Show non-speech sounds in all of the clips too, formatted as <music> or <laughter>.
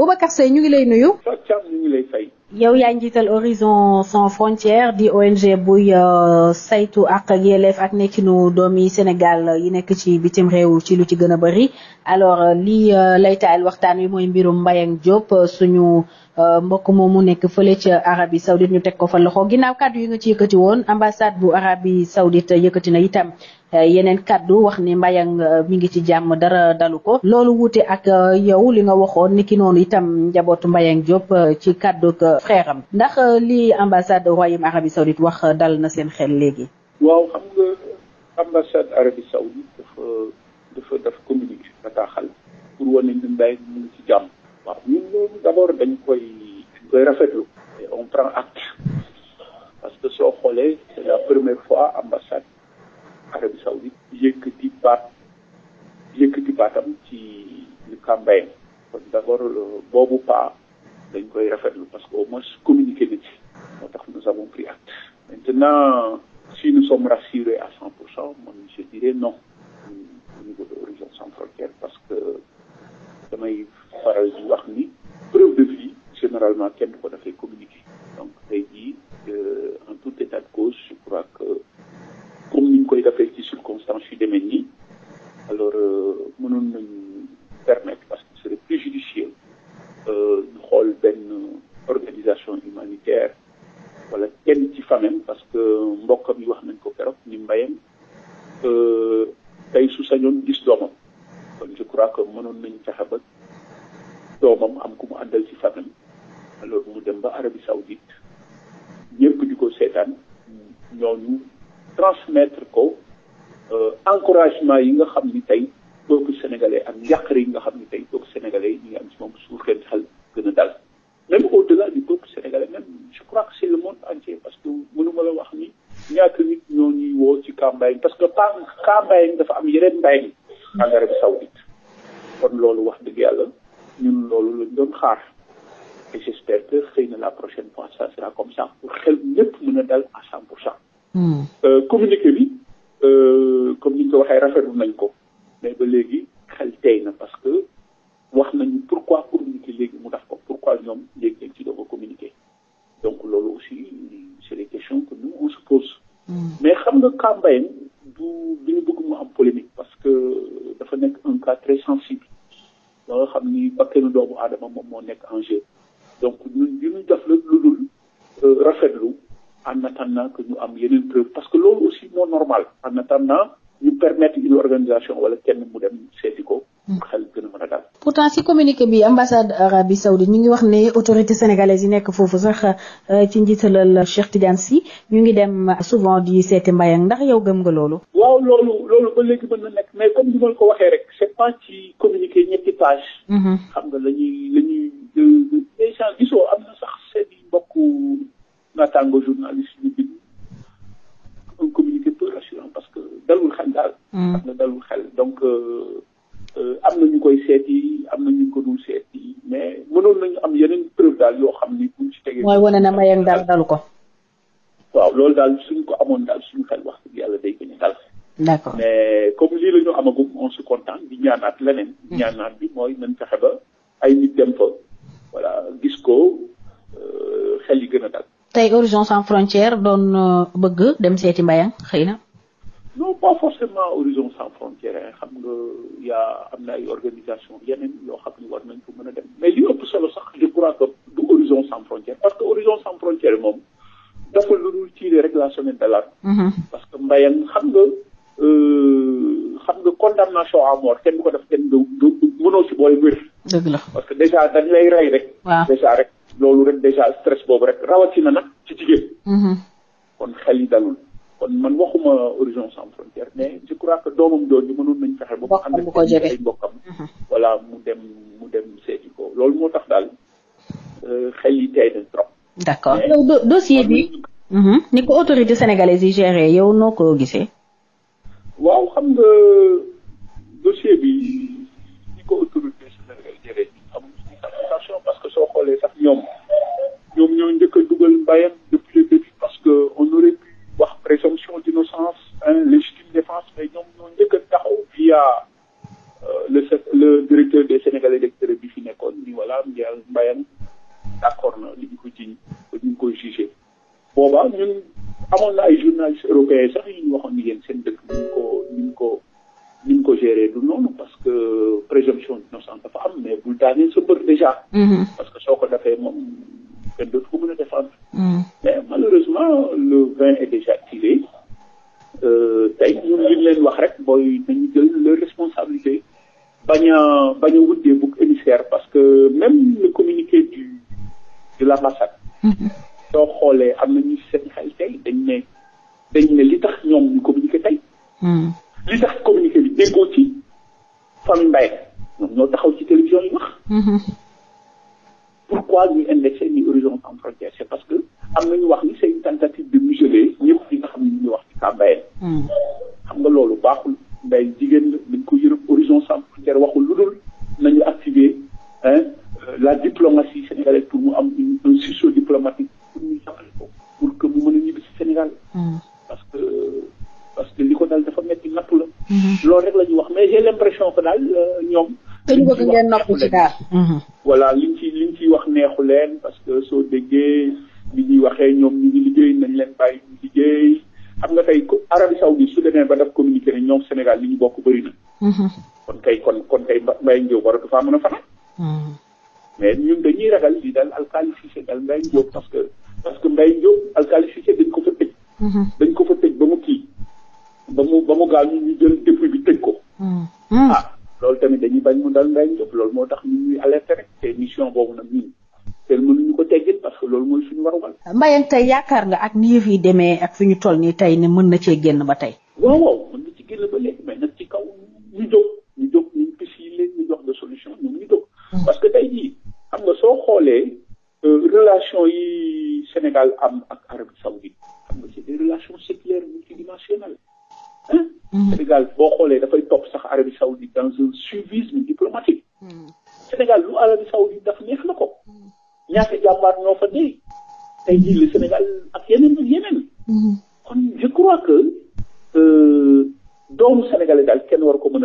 Boubacar Seye ñu ngi lay nuyu. Fatou ñu yow yaa njiital Horizon sans frontières di ONG buy euh, saytu ak ak ak nekkinu doomi Sénégal yi nekk ci bitim réew ci lu ci gën a bëri alors euh, lii euh, lay taal waxtaan wi mooy mbirum Mbayang Diop suñu mbokk moomu nekk fële ca Arabie Saoudite ñu teg ko fa loxo ginnaaw kàddu yi nga ci yëkkati woon ambassade bu Arabie Saoudite yëkkati na itam. Eh, yeneen kàddu wax ne Mbayang eh, mi ngi ci jàmm dara dalu ko loolu wuute ak eh, yow li nga waxoon ni ki itam njabootu Mbayang Diop ci kàddu frère ndax li ambassade royaume Arabie Saoudite wax dal na seen xel léegi. waaw xam nga ambassade Arabie Saoudite dafa daf communiqué bataaxal parce que soo xoolee la première fois ambassade. Arabie Saoudite yëkkati baat yëkkati baatam ci campagne kon d'abord euh, boobu pas dañ koy rafetlu parce que au moins communiqué na ci moo tax nous avons pris acte maintenant si nous sommes rassurés à cent pour cent man je dirais non au niveau de Horizon sans frontières parce que damay faral di wax ni preuve de vie généralement kenn du ko defee Euh, mbokam yi wax nañ ko woo ci campagne parce que pa campagne dafa am yeneen mbay mi en Arabie Saoudite kon loolu wax dëgg yàlla ñun loolu lañ doon xaar et j'espère que xëy na la prochaine fois ça sera comme ça pour xel ñëpp mën a dal à cent pour cent hmm. euh, communiqué bi euh, comme ni ñu ko waxee rafetlu nañ ko mais ba léegi xel tey na parce que wax nañu pourquoi communiquer léegi mu def ko pourquoi ñoom léegi lañ ci doog a communiquer donc loolu aussi c'est des questions que nous on se pose mais xam nga cas du du ñu mu am polémique parce que dafa nekk un cas très sensible ba xam ni bakkanu doomu aadama moom moo nekk en jeu donc ñun li ñu def la lu dul euh, rafetlu en attendant que ñu am yeneen preuve parce que loolu aussi moo normal en attendant ñu permettre une organisation wala kenn mu dem seeti pourtant si communiqué bi ambassade Arabie Saoudite ñu ngi wax ne autorité sénégalaise yi nekk foofu sax euh, ci njiitalal Cheikh Tidiane Sy ñu ngi dem souvent di seeti mbayang ndax yow gëm nga loolu. waaw loolu loolu ba léegi mën na nekk mais comme ni ma ko waxee rek c'est pas ci communiqué ñetti page. Mm-hmm. xam nga la ñuy la ñuy euh, déjà gisoo mooy wane na may ak dal dalu ko. waaw loolu daal suñ ko amoon daal suñ xel wax dëgg yàlla day gën a dal. d'accord mais comme lii la ñu amagum on se contente di ñaanaat leneen. Mm. ñaanaat bi mooy nañ fexe ba ay nit dem fa. voilà gis ko euh, xel yi gën a dal. tey Horizon Sans Frontières doon euh, bëgg dem seeti Mbayang xëy na. non pas forcément Horizon sans frontières xam nga yaa am na ay organisation yeneen yoo xam ni war nañ ko mën a dem mais li ëpp solo sax je crois que du Horizon sans frontières parce que Horizon sans frontières moom dafa lu dul rek la semaine parce que mbayang xam nga euh, xam nga condamnation à mort kenn du ko def kenn du du mënoo ci boole wér dëgg la parce que déjà dañ lay rey rek déjà rek loolu rek déjà stress boobu rek rawatina nag ci jigéen mm-hmm. kon xel dalul kon man waxuma horizon sans frontière mais je crois que doomam jooju mënoon nañ fexe ba mu ànd ko ay mbokkam mm-hmm. voilà mu dem mu dem seeti ko loolu moo tax daal euh, xel yi tey na trop d'accord dossier bi mm-hmm, ni ko autorité sénégalaise yi géré yow noo ko gisee waaw xam nga dossier bi ni ko autorité Mm. mais malheureusement le vin est déjà tiré euh, tey ñun li leen wax rek booy nañu jël leur responsabilité bañ a bañ a wut parce que même le communiqué du la MASAC <laughs> soo xoolee am na ñu seen xel tey dañ ne dañ ne li tax ñoom ñu communiqué tey mm. li tax communiqué bi déggoo ci famille Mbaye ñoom ñoo taxaw ci télévision yi wax mm-hmm. pourquoi ñuy indexé ni horizon sans frontière c'est parce que am nañu wax ni c'est une tentative de museler ñëpp di nga xam ne ñu wax ci kaa mbayeen hmm. xam nga loolu baaxul mbay jigéen la dañ ko yërëm horizon sans frontière waxul lu dul nañu activer euh, la diplomatie sénégalaise pour mu am un sursaut diplomatique pour ñu jàppale ko mu mën a ñibbi si Sénégal hmm. parce que parce que li ko daal dafa metti nattu la hmm. loolu rek la ñu wax mais j'ai l'impression que daal euh, ñoom dañu bëgg ngeen nopp ci Arabie Saoudite su demee ba daf communiqué ne ñoom Sénégal li ñu bokk bëri na. Mhm. kon kay kon kon kay Mbaye Ndiop waratu faa mën a fanaan. Mhm. mais ñun dañuy ragal li daal Alkali daal Mbaye Ndiop parce que parce que Mbaye Ndiop Alkali dañ ko fa tëj. Mhm. dañ ko fa tëj ba mu kii ba mu ba mu gaaw ñu jël depuis bi tëj ko. ah loolu tamit dañuy bañ mu dal Mbaye Ndiop loolu moo tax ñu ñuy alerter rek te mission boobu nag ñun. te mënuñu ko teggil parce que loolu mooy suñu warugal. Mbayang tey yaakaar nga ak ni yëf yi demee ak fi ñu toll nii tey ne mën na cee génn ba tey. waaw waaw mën na ci génn ba léegi mais nag ci kaw ñu jóg ñu jóg ñu pis yi ñu jox de solution ñoom ñu jóg. Hmm. parce que tey jii xam nga soo xoolee euh, relation yi Sénégal am ak Arabie Saoudite xam nga c'est des relations séculaires multidimensionnelles hein. Hmm. Sénégal boo xoolee dafay topp sax Arabie Saoudite dans un suivisme diplomatique. Hmm. Sénégal lu Arabie Saoudite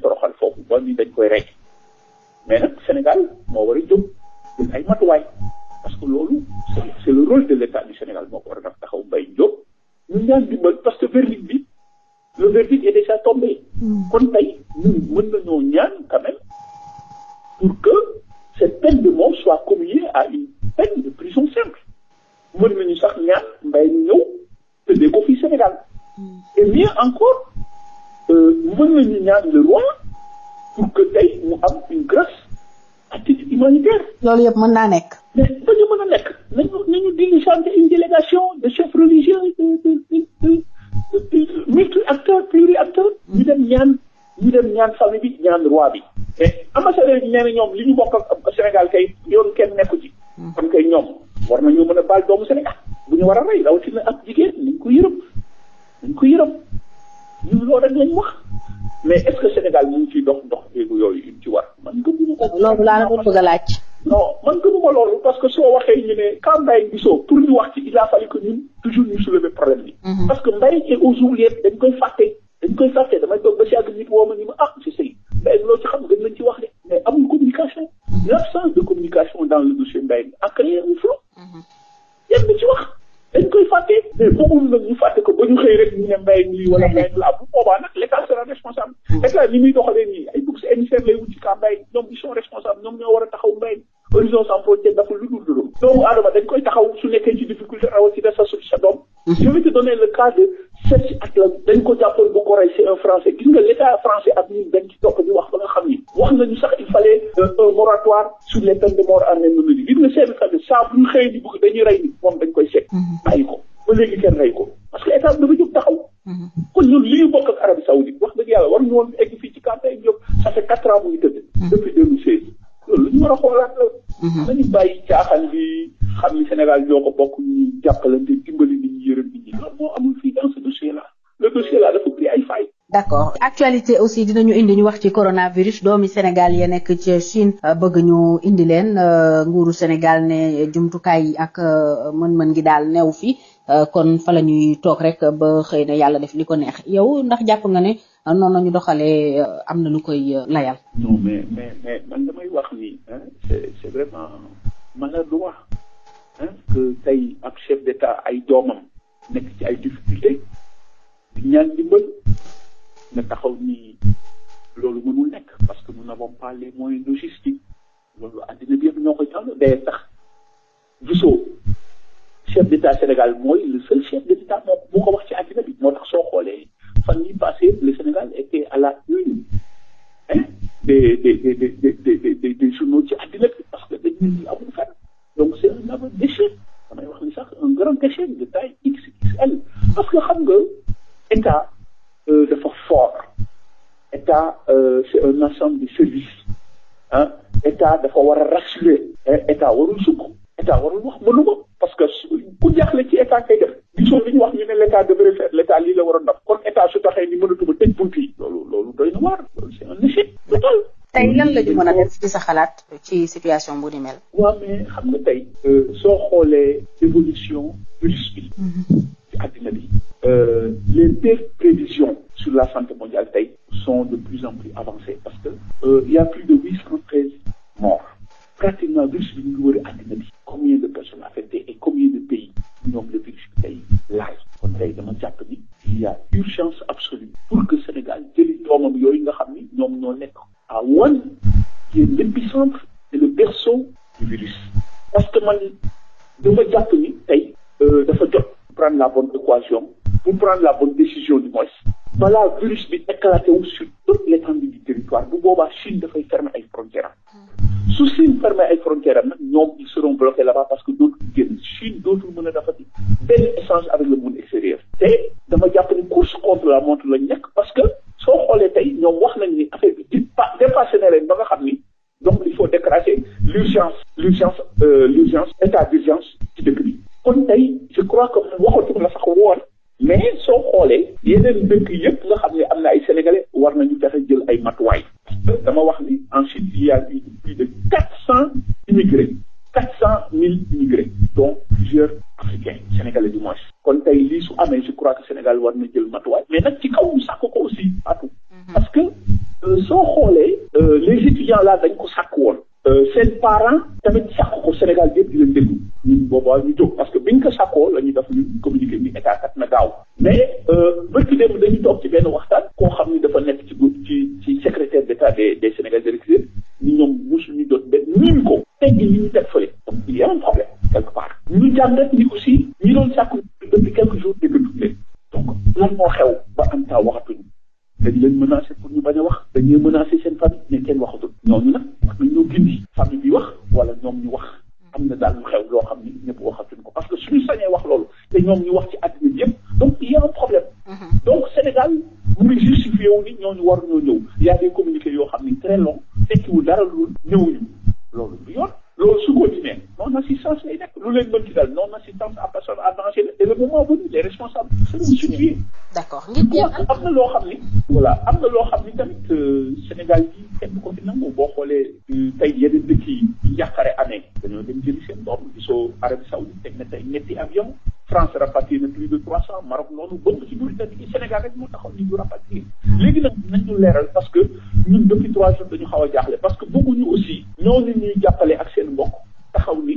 toroxal foofu ba ñu dañ koy rek mais nag Sénégal moo war a jóg jël ay matuwaay parce que loolu c'est le rôle de l'État du Sénégal moo ko war a taxaw mbay jóg ñu ñaan dimbal parce que verdict bi le verdict est déjà tombé. Hmm. kon tey ñun mën nañoo ñaan quand même pour que cette peine de mort soit commuée à une peine de prison simple mën nañu sax ñaan mbay ñëw tëddee ko fii Sénégal hmm. et mieux encore. Euh, mën nañu ñaan le roi pour que tey mu am une grâce à titre humanitaire. loolu yëpp mën naa nekk. mais ba ñu mën a nekk nañu nañu diligenter une délégation de chefs religieux multi acteurs pluri acteurs. ñu dem ñaan ñu dem ñaan famille bi ñaan roi bi. mais ambassadeur bi ñoom li ñu bokk ak Sénégal kay yoon kenn nekku ci. Hmm. kon kay ñoom war nañu mën a baal doomu Sénégal bu ñu war a rey rawatina ak loolu rek lañ wax mais est-ce Sénégal mu ngi ciy dox dox jéego yooyu yu ci war man gëmuma ko. loolu laa parce que soo waxee ñu ne. ka Mbaye gisoo pour ñu wax ci il a fallu que ñun toujours ñu soulever problème bi. Mm-hmm. parce que Mbaye et aux oubliettes dañ koy fàtte. dañ koy fàtte damay toog ba si àgg nit woo ma ni ma si ah, sëy Mbaye loolu ci xam gën nañ ci wax de mais amul communication. Mm-hmm. l'absence de communication dans le dossier Mbaye a créé un flou. Mm-hmm. yéen ci wax. dañ koy fàtte mais bëggul nag ñu fàtte ko ba ñu xëy rek ñu ne mbay mi wala mbay mi la bu boobaa nag l' état sera responsable hmm. état ni muy doxalee nii ay bourse émissaire lay wut ci kaa mbay ñoom ils sont responsables ñoom ñoo war a taxaw mbay horizon sans frontière dafa lu dul loolu doomu aadama dañ koy taxaw su nekkee ci difficulté rawatina sa su sa doom hmm. je vais te donner le cas de Serge Atlan dañ ko jàppoon bu ko rey c'est un français gis nga l' wax nañu sax il fallait euh, un moratoire sur les peines de mort en Indonésie gis nga seen famille saa bu ñu xëyee di bëgg dañuy rey nit moom dañ koy seet mm-hmm. bàyyi ko ba léegi kenn rey ko parce que état bi dafa jóg taxaw mm-hmm. kon ñun li ñu bokk ak Arabie Saoudite wax dëgg yàlla war ñu woon egg fii ci Kanta ak Diop ça fait quatre ans mu tëdd mm-hmm. depuis deux mille loolu ñu war a xoolaat la nañu bàyyi caaxaan bi xam ni Sénégal ñoo ko bokk ñu jàppalante dimbali nit ñi yërëm nit ñi loolu moo amul d' accord actualité aussi dinañu indi ñu wax ci coronavirus doomi Sénégal ya nekk ci Chine euh, bëgg ñu indi leen euh, nguuru Sénégal ne jumtukaay yi ak euh, mën-mën gi daal neew fii kon fa la ñuy toog rek ba xëy na yàlla def li ko neex yow ndax jàpp nga ne noonu ñu doxalee am na lu koy layal. man damay wax ni c' vraiment maladroit que doomam nekk ci ay difficulté di ñaan dimbal nga taxaw ni loolu mënul nekk parce que nous n'avons pas les moyens logistiques loolu àddina bi yëpp ñoo ko jàll day tax gisoo chef d'état Sénégal mooy le seul chef d'état moo moo ko wax ci àddina bi moo tax soo xoolee fan yi passé le Sénégal était à la une hein des des des des des journaux ci àddina bi parce que dañu ne amul fenn donc c'est un aveu sax un grand échec de taille XXL parce que xam nga état. Euh, dafa fort état euh, c'est un ensemble de services ah état dafa war a rassurer état warul sukk état warul wax mënu ma parce que ku jaaxle ci état kay def gisoo li ñu wax ñu ne l' état devrait lii la waroon def kon état su taxee ni mënatuma tëj bunt yi loolu doy na tey lan la ñu mën a def ci sa xalaat ci situation bu ni mel. waaw mais xam nga tey. Euh, soo xoolee évolution virus ci àddina bi euh, les meilleures prévisions sur la santé mondiale tey sont de plus en plus avancées parce que euh, il y a plus de morts pratiquement virus bi ñu virus bi éclaté wu sur toute l'étendue du territoire bu boobaa Chine dafay fermer ay frontières am hmm. su Chine fermer ay frontières am ñoom ils seront bloqués là parce que dootul génn Chine dootul mën a dafati benn échange avec le monde extérieur te dama jàpp ni course contre la montre lañ nekk parce que soo xoolee tey ñoom wax nañ ni affaire bi di na leen ba nga xam ni donc il faut déclencher l'urgence l'urgence euh, l'urgence état d'urgence ci dëkk bi kon tey je crois que waxatuñ la Ensuite, il y a eu plus de 400 immigrés. 400 000 immigrés, dont plusieurs africains, sénégalais du kon tey lii su amee je crois que Sénégal war na jël matuwaay. mais nag ci kaw mu sàkk ko aussi atu mhm. parce que euh, soo xoolee. Euh, les étudiants laa dañ ko sàkk woon. Euh, seen parent tamit sàkk ko Sénégal yëpp di leen déglu ñun boobaa ñu jóg parce que biñ ko sàkkoo la ñuy def ñun communiqué bi état kat na gaaw mais bëgg dem dañu toog ci benn waxtaan koo xam dafa nekk ci ci. miin ko tegg li ñu teg fële donc il y a un problème quelque part ñu jàngat ni aussi non-assistance lay nekk lu leen mënti dal non-assistance à personne en danger la et le moment venu les responsables seront suivis. d'accord ngir am na loo xam ni. voilà am na loo xam ni tamit euh, Sénégal yi kenn ko fi nangu boo xoolee euh, tay yeneen dëkk yi yàqare amee dañoo dem jëli seen doom soo Arabie Saoudite te na tey ñetti avion France rapatrié na plus de trois cent Maroc noonu bëgg ci biir dëkk yi Sénégal rek moo taxaw ni du rapatrié léegi nag nañu leeral parce que ñun depuis trois jours dañu xaw a jaaxle parce que bëgguñu aussi ñoo ni ñuy ak seen mbokk. taxaw ni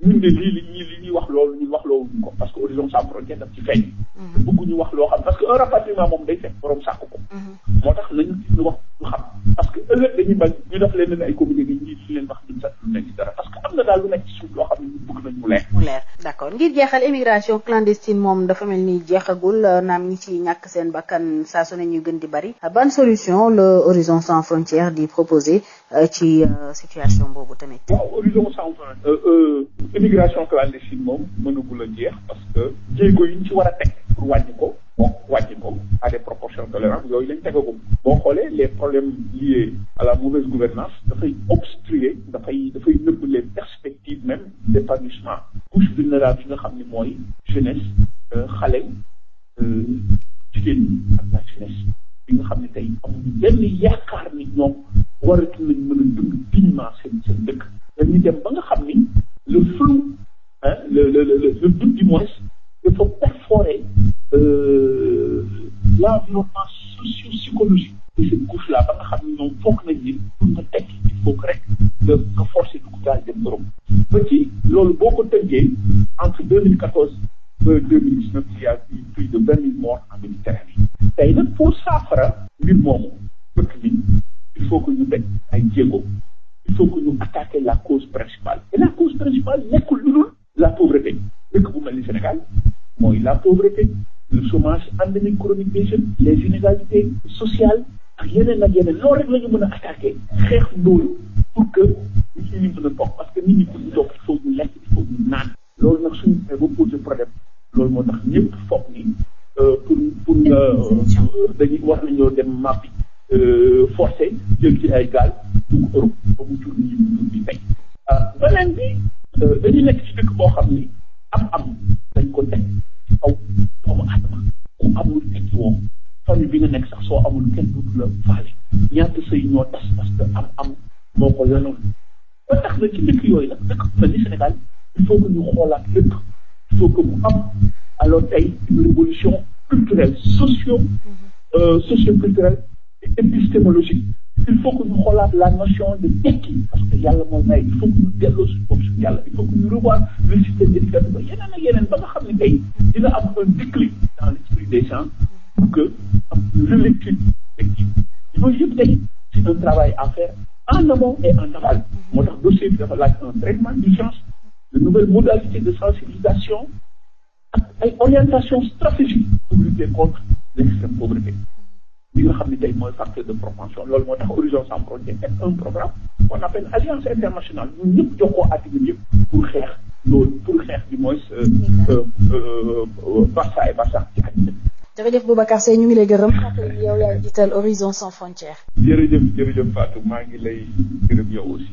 ñun de lii li ñuy li ñuy wax loolu ñun wax loolu ko parce que horizon sans frontière daf ci feeñ. Mm-hmm. bëgguñu wax loo xam parce que un rapatriement moom day fekk borom sàkk ko. Mm-hmm. moo tax la ñu wax ñu xam parce que ëllëg dañuy bañ ñu def leen ne ay communauté yi ñuy leen wax duñ sax duñ leen dara parce que am na daal lu nekk d'accord ngir jeexal immigration clandestine moom dafa mel ni jeexagul naam ñi ci ñàkk seen bakkan saa su ne gën di bari ban solution le Horizon Sans Frontières di proposer euh, ci euh, situation boobu tamit. waaw Horizon Sans Frontières. immigration euh, clandestine moom mënagul a jeex parce que jéego yi ñu ci war a teg pour wàññi ko. bon ko à des proportions tolérantes yooyu lañ tegagum boo xoolee les problèmes liés à la mauvaise gouvernance dafay obstruer dafay dafay couche vulnérable yi nga xam ne mooy jeunesse euh, xale euh, jigéen ñi la jeunesse bi nga xam ne tey amuñu benn yaakaar ni ñoom waratu nañ mën a dund dignement seen seen dëkk dañu dem ba nga xam ni le flou hein le le le le doute du moins dafa perforer euh, l'environnement socio-psychologique de cette couche là ba nga xam ni ñoom foog nañ ni loolu boo ko tënkee a eu plus de vingt mille morts en Méditerranée tey nag pour saafara moomu bëkk bi teg ay jéego il faut la cause principale et la cause principale nekkul lu la pauvreté dëkk bu mel ni Sénégal mooy la pauvreté le chômage endémique chronique des jeunes les inégalités sociales ak yeneen ak yeneen loolu rek la ñu mën a attaquer xeex pour que di si ñu mën a bokk parce que nit ñi pour ñu toog il lekk il faut naan loolu nag suñu demee ba posé problème loolu moo tax ñëpp foog euh, pour pour nga euh, euh, dañuy war nañoo dem màppi forcé jël ci ay gaal dugg nit ñi dund di nekk boo xam ni am-am dañ ko teg ci kaw bi nga nekk sax soo amul kenn du la faale ñaata sëy ñoo tas parce que am-am moo ko yoroon. ba tax na ci dëkk yooyu nag dëkk ba ni Sénégal il faut que ñu xoolaat lépp il faut que mu am alors tey une révolution culturelle socio mm-hmm. euh, socio-culturelle et épistémologique il faut que ñu xoolaat la notion de tekki parce que yàlla mooy may il faut que ñu delloo suñu bopp suñu yàlla il faut que ñu revoir le système éducatif ba yeneen ak yeneen ba nga xam ne tey dina am un déclic dans l'esprit des gens pour que am une relecture effective yooyu yëpp tey c'est un travail à faire en amont et en moo tax dossier dafa laaj un traitement d'urgence de nouvelles de sensibilisation ak ay orientation stratégique pour lutter contre l'extrême pauvreté li nga xam ne tey mooy facteur de propension loolu moo de Horizon Sans Frontières est un programme qu'on appelle alliance internationale ñun ñëpp jokkoo àddina pour xeex loolu pour xeex bi mooy barça et barça ci àddina jërëjëf Boubacar Seye ñu ngi lay gërëm rappel yow yaay jiital Horizon sans frontières. jërëjëf jërëjëf Fatou maa ngi lay gërëm yow aussi.